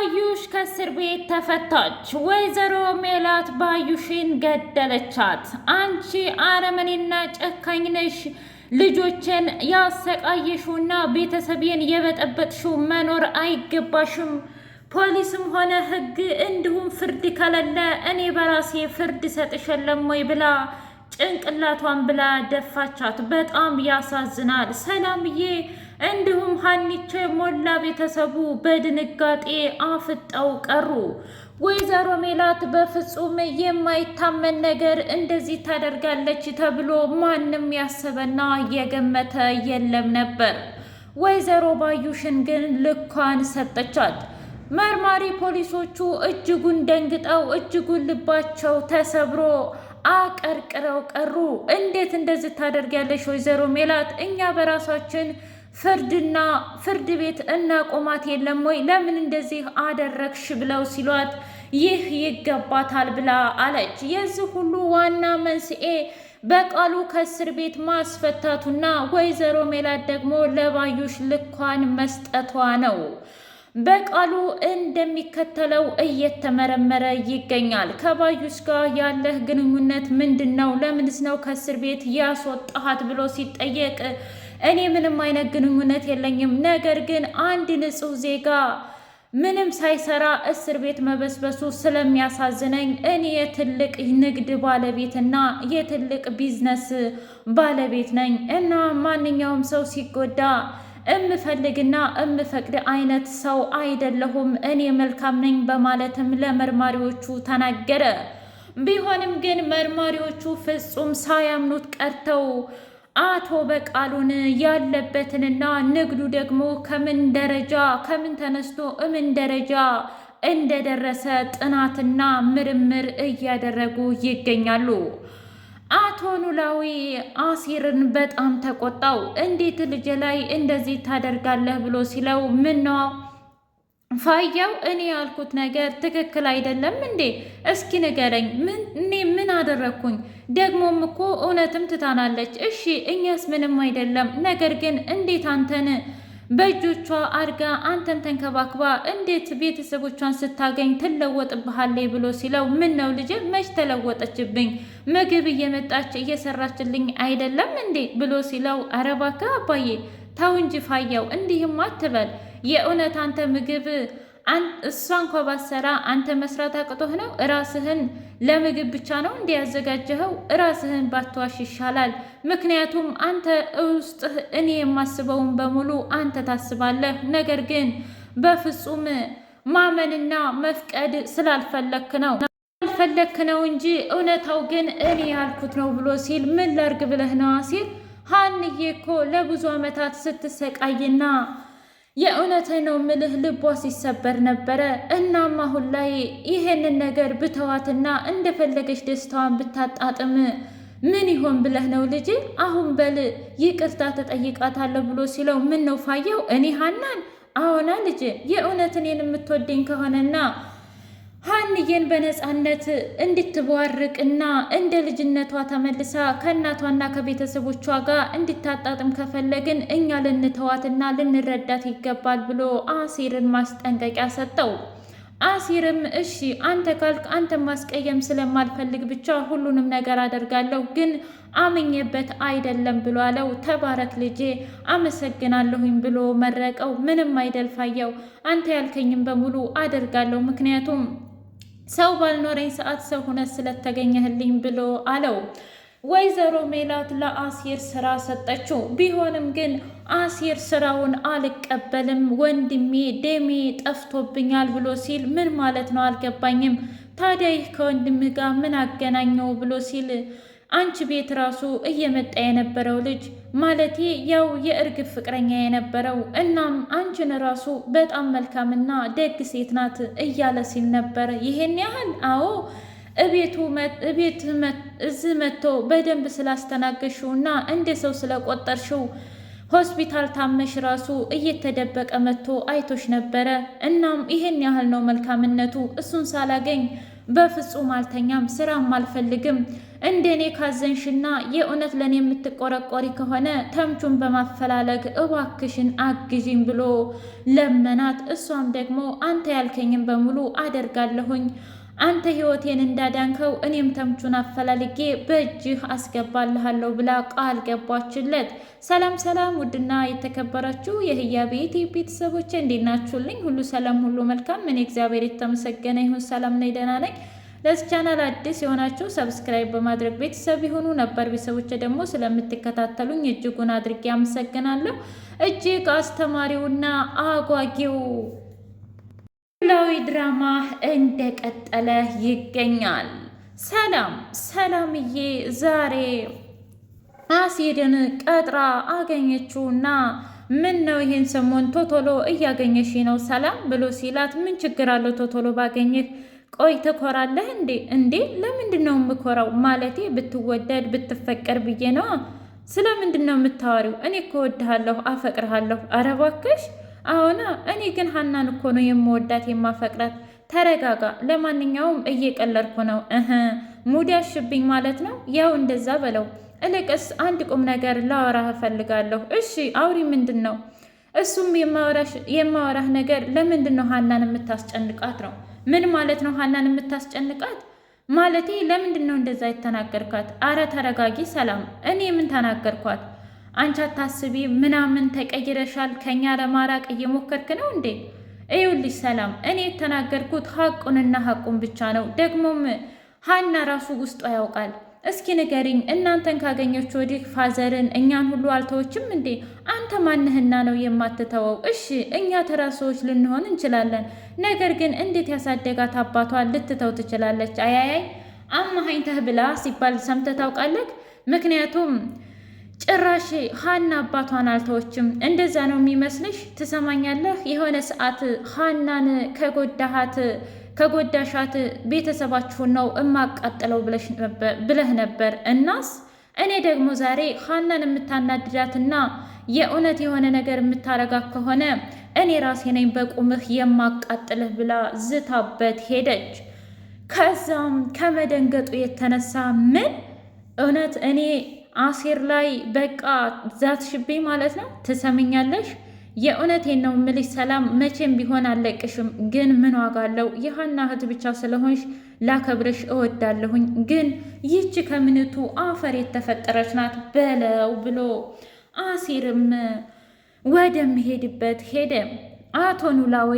ባዩሽ ከእስር ቤት ተፈታች። ወይዘሮ ሜላት ባዩሽን ገደለቻት። አንቺ አረመኔና ጨካኝ ነሽ፣ ልጆችን ያሰቃየሽውና ቤተሰቤን የበጠበጥሽው መኖር አይገባሽም። ፖሊስም ሆነ ሕግ እንዲሁም ፍርድ ከሌለ እኔ በራሴ ፍርድ ሰጥሸለም ወይ ብላ ጭንቅላቷን ብላ ደፋቻት። በጣም ያሳዝናል። ሰላምዬ እንዲሁም ሀኒቼ ሞላ ቤተሰቡ በድንጋጤ አፍጠው ቀሩ። ወይዘሮ ሜላት በፍጹም የማይታመን ነገር እንደዚህ ታደርጋለች ተብሎ ማንም ያሰበና የገመተ የለም ነበር። ወይዘሮ ባዩሽን ግን ልኳን ሰጠቻት። መርማሪ ፖሊሶቹ እጅጉን ደንግጠው እጅጉን ልባቸው ተሰብሮ አቀርቅረው ቀሩ። እንዴት እንደዚህ ታደርጊያለሽ ወይዘሮ ሜላት? እኛ በራሳችን ፍርድና ፍርድ ቤት እናቆማት የለም ወይ? ለምን እንደዚህ አደረግሽ ብለው ሲሏት ይህ ይገባታል ብላ አለች። የዚህ ሁሉ ዋና መንስኤ በቃሉ ከእስር ቤት ማስፈታቱና ወይዘሮ ሜላት ደግሞ ለባዩሽ ልኳን መስጠቷ ነው። በቃሉ እንደሚከተለው እየተመረመረ ይገኛል። ከባዩሽ ጋር ያለህ ግንኙነት ምንድን ነው? ለምንስ ነው ከእስር ቤት ያስወጣሃት? ብሎ ሲጠየቅ እኔ ምንም አይነት ግንኙነት የለኝም፣ ነገር ግን አንድ ንጹህ ዜጋ ምንም ሳይሰራ እስር ቤት መበስበሱ ስለሚያሳዝነኝ እኔ የትልቅ ንግድ ባለቤትና የትልቅ ቢዝነስ ባለቤት ነኝ እና ማንኛውም ሰው ሲጎዳ እምፈልግና እምፈቅድ አይነት ሰው አይደለሁም፣ እኔ መልካም ነኝ በማለትም ለመርማሪዎቹ ተናገረ። ቢሆንም ግን መርማሪዎቹ ፍጹም ሳያምኑት ቀርተው አቶ በቃሉን ያለበትንና ንግዱ ደግሞ ከምን ደረጃ ከምን ተነስቶ እምን ደረጃ እንደደረሰ ጥናትና ምርምር እያደረጉ ይገኛሉ። አቶ ኖላዊ አሲርን በጣም ተቆጣው። እንዴት ልጅ ላይ እንደዚህ ታደርጋለህ ብሎ ሲለው ምን ነው ፋያው፣ እኔ ያልኩት ነገር ትክክል አይደለም እንዴ? እስኪ ንገረኝ፣ እኔ ምን አደረግኩኝ? ደግሞም እኮ እውነትም ትታናለች። እሺ እኛስ ምንም አይደለም። ነገር ግን እንዴት አንተን በእጆቿ አድርጋ አንተን ተንከባክባ እንዴት ቤተሰቦቿን ስታገኝ ትለወጥብሃለች ብሎ ሲለው፣ ምን ነው ልጄ መች ተለወጠችብኝ? ምግብ እየመጣች እየሰራችልኝ አይደለም እንዴ ብሎ ሲለው፣ ኧረ እባክህ አባዬ ተው እንጂ ፋያው፣ እንዲህም አትበል የእውነት አንተ ምግብ እሷን ኮባሰራ አንተ መስራት አቅቶህ ነው? እራስህን ለምግብ ብቻ ነው እንዲያዘጋጀኸው? እራስህን ባትዋሽ ይሻላል። ምክንያቱም አንተ ውስጥህ እኔ የማስበውን በሙሉ አንተ ታስባለህ። ነገር ግን በፍጹም ማመንና መፍቀድ ስላልፈለክ ነው ስላልፈለክ ነው እንጂ እውነታው ግን እኔ ያልኩት ነው ብሎ ሲል ምን ላርግ ብለህ ነዋ ሲል ሀንዬ እኮ ለብዙ ዓመታት ስትሰቃይና የእውነቴ ነው ምልህ ልቧ ሲሰበር ነበረ። እናም አሁን ላይ ይሄንን ነገር ብተዋትና እንደፈለገች ደስታዋን ብታጣጥም ምን ይሆን ብለህ ነው ልጅ? አሁን በል ይቅርታ ተጠይቃታለሁ ብሎ ሲለው ምን ነው ፋየው እኔ ሀናን አዎና ልጅ የእውነትን የምትወደኝ ከሆነና ሀንዬን በነፃነት እንድትቧርቅ እና እንደ ልጅነቷ ተመልሳ ከእናቷና ከቤተሰቦቿ ጋር እንድታጣጥም ከፈለግን እኛ ልንተዋትና ልንረዳት ይገባል ብሎ አሴርን ማስጠንቀቂያ ሰጠው። አሲርም እሺ አንተ ካልክ አንተን ማስቀየም ስለማልፈልግ ብቻ ሁሉንም ነገር አደርጋለሁ፣ ግን አምኜበት አይደለም ብሎ አለው። ተባረክ ልጄ አመሰግናለሁኝ ብሎ መረቀው። ምንም አይደል ፋየው፣ አንተ ያልከኝም በሙሉ አደርጋለሁ፣ ምክንያቱም ሰው ባልኖረኝ ሰዓት ሰው ሁነት ስለተገኘህልኝ ብሎ አለው። ወይዘሮ ሜላት ለአሲር ስራ ሰጠችው። ቢሆንም ግን አሲር ስራውን አልቀበልም ወንድሜ ደሜ ጠፍቶብኛል ብሎ ሲል ምን ማለት ነው አልገባኝም። ታዲያ ይህ ከወንድምህ ጋር ምን አገናኘው ብሎ ሲል አንቺ ቤት ራሱ እየመጣ የነበረው ልጅ ማለቴ ያው የእርግብ ፍቅረኛ የነበረው እናም አንቺን ራሱ በጣም መልካምና ደግ ሴት ናት እያለ ሲል ነበር። ይሄን ያህል አዎ እቤት እዚህ መጥቶ በደንብ ስላስተናገሽው እና እንደ ሰው ስለቆጠርሽው ሆስፒታል ታመሽ ራሱ እየተደበቀ መጥቶ አይቶሽ ነበረ። እናም ይህን ያህል ነው መልካምነቱ። እሱን ሳላገኝ በፍጹም አልተኛም፣ ስራም አልፈልግም። እንደኔ ካዘንሽና የእውነት ለእኔ የምትቆረቆሪ ከሆነ ተምቹን በማፈላለግ እባክሽን አግዥኝ ብሎ ለመናት። እሷም ደግሞ አንተ ያልከኝም በሙሉ አደርጋለሁኝ አንተ ህይወቴን እንዳዳንከው እኔም ተምቹን አፈላልጌ በእጅህ አስገባልሃለሁ ብላ ቃል ገባችለት። ሰላም ሰላም! ውድና የተከበራችሁ የህያ ቤት ቤተሰቦች እንዴት ናችሁልኝ? ሁሉ ሰላም፣ ሁሉ መልካም። እኔ እግዚአብሔር የተመሰገነ ይሁን ሰላም ነኝ፣ ደህና ነኝ። ለዚህ ቻናል አዲስ የሆናችሁ ሰብስክራይብ በማድረግ ቤተሰብ የሆኑ ነበር ቤተሰቦች ደግሞ ስለምትከታተሉኝ እጅጉን አድርጌ አመሰግናለሁ። እጅግ አስተማሪውና አጓጊው ኖላዊ ድራማ እንደቀጠለ ይገኛል። ሰላም ሰላምዬ ዛሬ አሲድን ቀጥራ አገኘችውና ምን ነው ይህን ሰሞን ቶቶሎ እያገኘሽ ነው ሰላም ብሎ ሲላት፣ ምን ችግር አለው ቶቶሎ ባገኘህ? ቆይ ትኮራለህ እንዴ? እንዴ ለምንድን ነው የምኮራው? ማለቴ ብትወደድ ብትፈቀር ብዬ ነዋ። ስለምንድን ነው የምታወሪው? እኔ እኮ እወድሃለሁ፣ አፈቅርሃለሁ። አረ እባክሽ አሁና እኔ ግን ሀናን እኮ ነው የምወዳት የማፈቅራት። ተረጋጋ። ለማንኛውም እየቀለድኩ ነው። እህ ሙድ ያሽብኝ ማለት ነው። ያው እንደዛ በለው። እልቅስ አንድ ቁም ነገር ላወራህ እፈልጋለሁ። እሺ አውሪ። ምንድን ነው? እሱም የማወራህ ነገር ለምንድን ነው ሀናን የምታስጨንቃት ነው። ምን ማለት ነው? ሀናን የምታስጨንቃት ማለቴ ለምንድን ነው እንደዛ የተናገርካት? አረ ተረጋጊ ሰላም። እኔ ምን ተናገርኳት? አንቺ አታስቢ ምናምን ተቀይረሻል፣ ከኛ ለማራቅ እየሞከርክ ነው እንዴ? እዩልሽ ሰላም፣ እኔ የተናገርኩት ሀቁንና ሀቁን ብቻ ነው። ደግሞም ሀና ራሱ ውስጧ ያውቃል። እስኪ ንገሪኝ፣ እናንተን ካገኘች ወዲህ ፋዘርን እኛን ሁሉ አልተዎችም እንዴ? አንተ ማንህና ነው የማትተወው? እሺ እኛ ተራ ሰዎች ልንሆን እንችላለን፣ ነገር ግን እንዴት ያሳደጋት አባቷ ልትተው ትችላለች? አያያይ አማሀኝተህ ብላ ሲባል ሰምተህ ታውቃለህ? ምክንያቱም ጭራሽ ሀና አባቷን አልተወችም። እንደዛ ነው የሚመስልሽ? ትሰማኛለህ? የሆነ ሰዓት ሀናን ከጎዳሃት ከጎዳሻት ቤተሰባችሁን ነው እማቃጥለው ብለህ ነበር። እናስ እኔ ደግሞ ዛሬ ሀናን የምታናድዳትና የእውነት የሆነ ነገር የምታረጋት ከሆነ እኔ ራሴ ነኝ በቁምህ የማቃጥልህ ብላ ዝታበት ሄደች። ከዛም ከመደንገጡ የተነሳ ምን እውነት እኔ አሴር ላይ በቃ ሽቤ ማለት ነው። ትሰምኛለሽ? የእውነቴን ነው ምልሽ ሰላም፣ መቼም ቢሆን አለቅሽም። ግን ምን ዋጋ አለው? የሀና እህት ብቻ ስለሆንሽ ላከብርሽ እወዳለሁኝ። ግን ይህች ከምንቱ አፈር የተፈጠረች ናት በለው ብሎ አሲርም ወደሚሄድበት ሄደ። አቶ ኖላዊ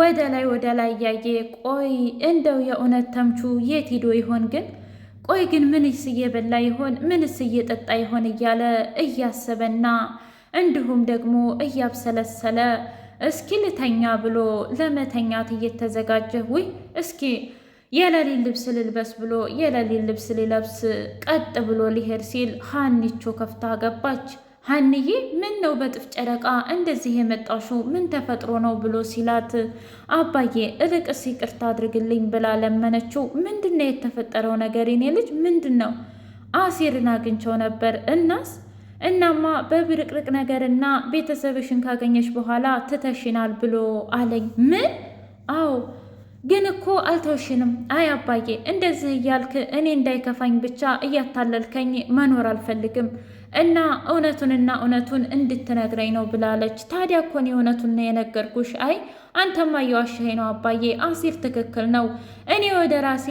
ወደ ላይ ወደ ላይ እያየ ቆይ እንደው የእውነት ተምቹ የት ሂዶ ይሆን ግን ቆይ ግን ምንስ እየበላ ይሆን? ምንስ እየጠጣ ይሆን? እያለ እያሰበና እንዲሁም ደግሞ እያብሰለሰለ እስኪ ልተኛ ብሎ ለመተኛት እየተዘጋጀ ውይ እስኪ የሌሊት ልብስ ልልበስ ብሎ የሌሊት ልብስ ሊለብስ ቀጥ ብሎ ሊሄድ ሲል ሀኒቾ ከፍታ ገባች። ሀንዬ ምን ነው በጥፍ ጨረቃ እንደዚህ የመጣሹ ምን ተፈጥሮ ነው ብሎ ሲላት፣ አባዬ እልቅስ ይቅርታ አድርግልኝ ብላ ለመነችው። ምንድን ነው የተፈጠረው ነገር የኔ ልጅ? ምንድን ነው? አሲርን አግኝቸው ነበር። እናስ? እናማ በብርቅርቅ ነገርና ቤተሰብሽን ካገኘሽ በኋላ ትተሽናል ብሎ አለኝ። ምን? አዎ ግን እኮ አልተውሽንም። አይ አባዬ፣ እንደዚህ እያልክ እኔ እንዳይከፋኝ ብቻ እያታለልከኝ መኖር አልፈልግም እና እውነቱንና እውነቱን እንድትነግረኝ ነው ብላለች። ታዲያ እኮ እኔ እውነቱን የነገርኩሽ። አይ አንተማ እየዋሻኸኝ ነው አባዬ፣ አሲር ትክክል ነው። እኔ ወደ ራሴ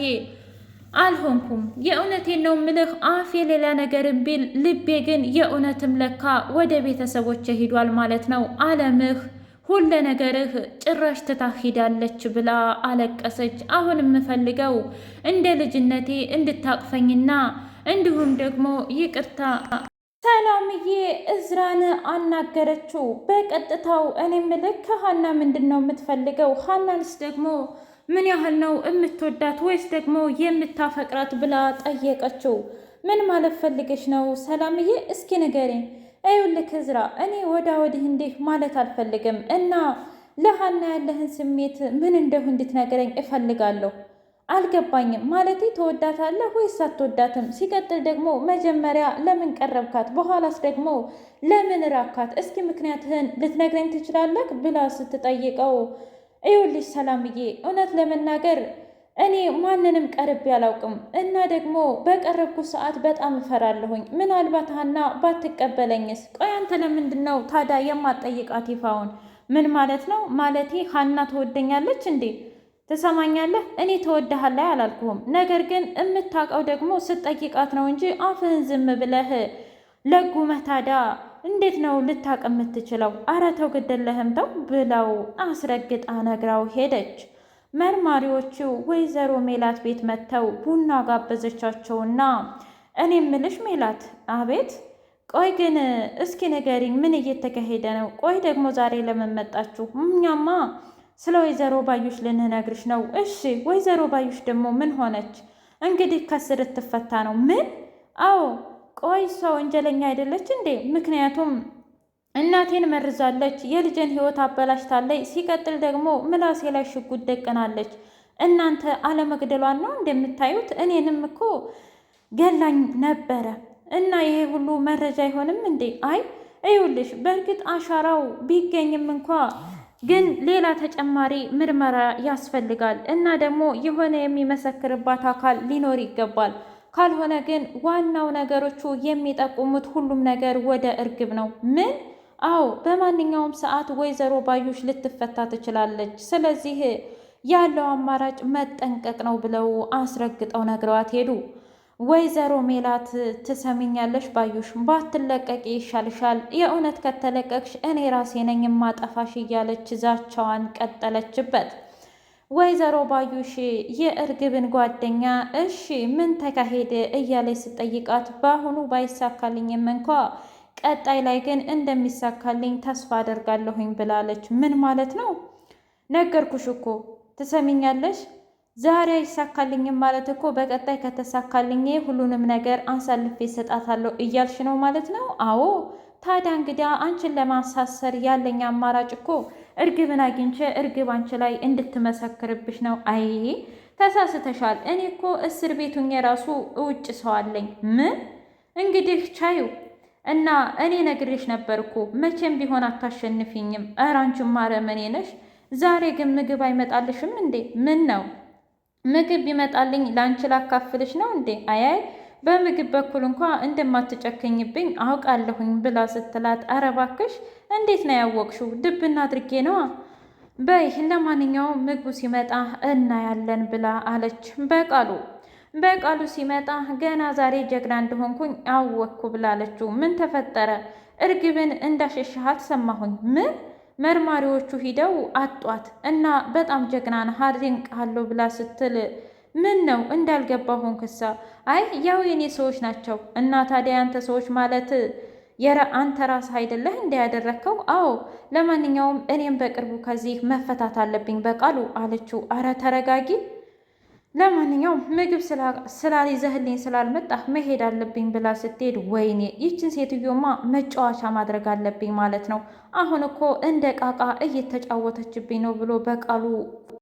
አልሆንኩም። የእውነቴን ነው ምልህ። አፍ የሌላ ነገር ቢል ልቤ ግን የእውነትም ለካ ወደ ቤተሰቦች ሂዷል ማለት ነው። አለምህ ሁለ ነገርህ ጭራሽ ትታሂዳለች ብላ አለቀሰች። አሁን የምፈልገው እንደ ልጅነቴ እንድታቅፈኝና እንዲሁም ደግሞ ይቅርታ ሰላምዬ እዝራን አናገረችው በቀጥታው። እኔ ምልክ ከሀና ምንድን ነው የምትፈልገው? ሀናንስ ደግሞ ምን ያህል ነው የምትወዳት ወይስ ደግሞ የምታፈቅራት ብላ ጠየቀችው። ምን ማለት ፈልገች ነው ሰላምዬ? እስኪ ንገሪኝ። ይኸውልህ እዝራ፣ እኔ ወዳ ወዲህ እንዲህ ማለት አልፈልግም እና ለሀና ያለህን ስሜት ምን እንደሁ እንድትነግረኝ እፈልጋለሁ። አልገባኝም ማለቴ ተወዳታለህ ወይስ አትወዳትም? ሲቀጥል ደግሞ መጀመሪያ ለምን ቀረብካት? በኋላስ ደግሞ ለምን ራካት? እስኪ ምክንያትህን ልትነግረኝ ትችላለህ ብላ ስትጠይቀው ይኸውልሽ ሰላምዬ፣ እውነት ለመናገር እኔ ማንንም ቀርቤ አላውቅም እና ደግሞ በቀረብኩ ሰዓት በጣም እፈራለሁኝ። ምናልባት ሀና ባትቀበለኝስ? ቆይ አንተ ለምንድን ነው ታዲያ ይፋውን ምን ማለት ነው? ማለቴ ሀና ትወደኛለች እንዴ? ትሰማኛለህ? እኔ ተወድሃለሁ አላልኩህም። ነገር ግን እምታውቀው ደግሞ ስጠይቃት ነው እንጂ አፍህን ዝም ብለህ ለጉመህ ታዲያ እንዴት ነው ልታቅ የምትችለው? አረ ተው ግደለህም ተው ብለው አስረግጣ ነግራው ሄደች። መርማሪዎቹ ወይዘሮ ሜላት ቤት መጥተው ቡና ጋበዘቻቸውና እኔ ምልሽ ሜላት። አቤት። ቆይ ግን እስኪ ንገሪኝ፣ ምን እየተካሄደ ነው? ቆይ ደግሞ ዛሬ ለምን መጣችሁ? እኛማ ስለ ወይዘሮ ባዩሽ ልንነግርሽ ነው። እሺ ወይዘሮ ባዩሽ ደግሞ ምን ሆነች? እንግዲህ ከስር ትፈታ ነው። ምን? አዎ። ቆይ እሷ ወንጀለኛ አይደለች እንዴ? ምክንያቱም እናቴን መርዛለች፣ የልጄን ህይወት አበላሽታለች። ሲቀጥል ደግሞ ምላሴ ላይ ሽጉጥ ደቅናለች። እናንተ አለመግደሏን ነው እንደምታዩት። እኔንም እኮ ገላኝ ነበረ እና ይሄ ሁሉ መረጃ አይሆንም እንዴ? አይ እዩልሽ በእርግጥ አሻራው ቢገኝም እንኳ ግን ሌላ ተጨማሪ ምርመራ ያስፈልጋል እና ደግሞ የሆነ የሚመሰክርባት አካል ሊኖር ይገባል። ካልሆነ ግን ዋናው ነገሮቹ የሚጠቁሙት ሁሉም ነገር ወደ እርግብ ነው። ምን? አዎ፣ በማንኛውም ሰዓት ወይዘሮ ባዩሽ ልትፈታ ትችላለች። ስለዚህ ያለው አማራጭ መጠንቀቅ ነው ብለው አስረግጠው ነግረዋት ሄዱ። ወይዘሮ ሜላት ትሰሚኛለሽ፣ ባዩሽ ባትለቀቂ ይሻልሻል። የእውነት ከተለቀቅሽ እኔ ራሴ ነኝ የማጠፋሽ እያለች ዛቻዋን ቀጠለችበት። ወይዘሮ ባዩሽ የእርግብን ጓደኛ እሺ ምን ተካሄደ እያለች ስጠይቃት በአሁኑ ባይሳካልኝም እንኳ ቀጣይ ላይ ግን እንደሚሳካልኝ ተስፋ አደርጋለሁኝ ብላለች። ምን ማለት ነው? ነገርኩሽ እኮ ትሰሚኛለሽ ዛሬ አይሳካልኝም ማለት እኮ በቀጣይ ከተሳካልኝ ሁሉንም ነገር አሳልፌ እሰጣታለሁ እያልሽ ነው ማለት ነው? አዎ። ታዲያ እንግዲያ አንቺን ለማሳሰር ያለኝ አማራጭ እኮ እርግብን አግኝቼ እርግብ አንቺ ላይ እንድትመሰክርብሽ ነው። አይ ተሳስተሻል። እኔ እኮ እስር ቤቱኝ የራሱ እውጭ ሰው አለኝ። ምን እንግዲህ ቻዩ እና እኔ ነግሬሽ ነበርኩ መቼም ቢሆን አታሸንፊኝም። ኧረ አንቺማ አረመኔ ነሽ። ዛሬ ግን ምግብ አይመጣልሽም እንዴ? ምን ነው ምግብ ቢመጣልኝ ለአንቺ ላካፍልሽ ነው እንዴ? አያይ በምግብ በኩል እንኳ እንደማትጨክኝብኝ አውቃለሁኝ ብላ ስትላት፣ አረባክሽ እባክሽ እንዴት ነው ያወቅሽው? ድብና አድርጌ ነዋ። በይ ለማንኛውም ምግቡ ሲመጣ እናያለን ብላ አለች። በቃሉ በቃሉ ሲመጣ ገና ዛሬ ጀግና እንደሆንኩኝ አወቅኩ ብላለችው። ምን ተፈጠረ? እርግብን እንዳሸሸሃት ሰማሁኝ። ምን መርማሪዎቹ ሂደው አጧት እና በጣም ጀግና ነህ አደንቅሃለሁ ብላ ስትል ምን ነው እንዳልገባ ሆንክሳ? አይ ያው የኔ ሰዎች ናቸው። እና ታዲያ ያንተ ሰዎች ማለት የረ አንተ ራስህ አይደለህ እንዳያደረግከው? አዎ። ለማንኛውም እኔም በቅርቡ ከዚህ መፈታት አለብኝ በቃሉ አለችው። አረ ተረጋጊ ለማንኛውም ምግብ ስላልይዘህልኝ ስላልመጣ መሄድ አለብኝ ብላ ስትሄድ፣ ወይኔ ይችን ሴትዮማ መጫወቻ ማድረግ አለብኝ ማለት ነው። አሁን እኮ እንደ ቃቃ እየተጫወተችብኝ ነው ብሎ በቃሉ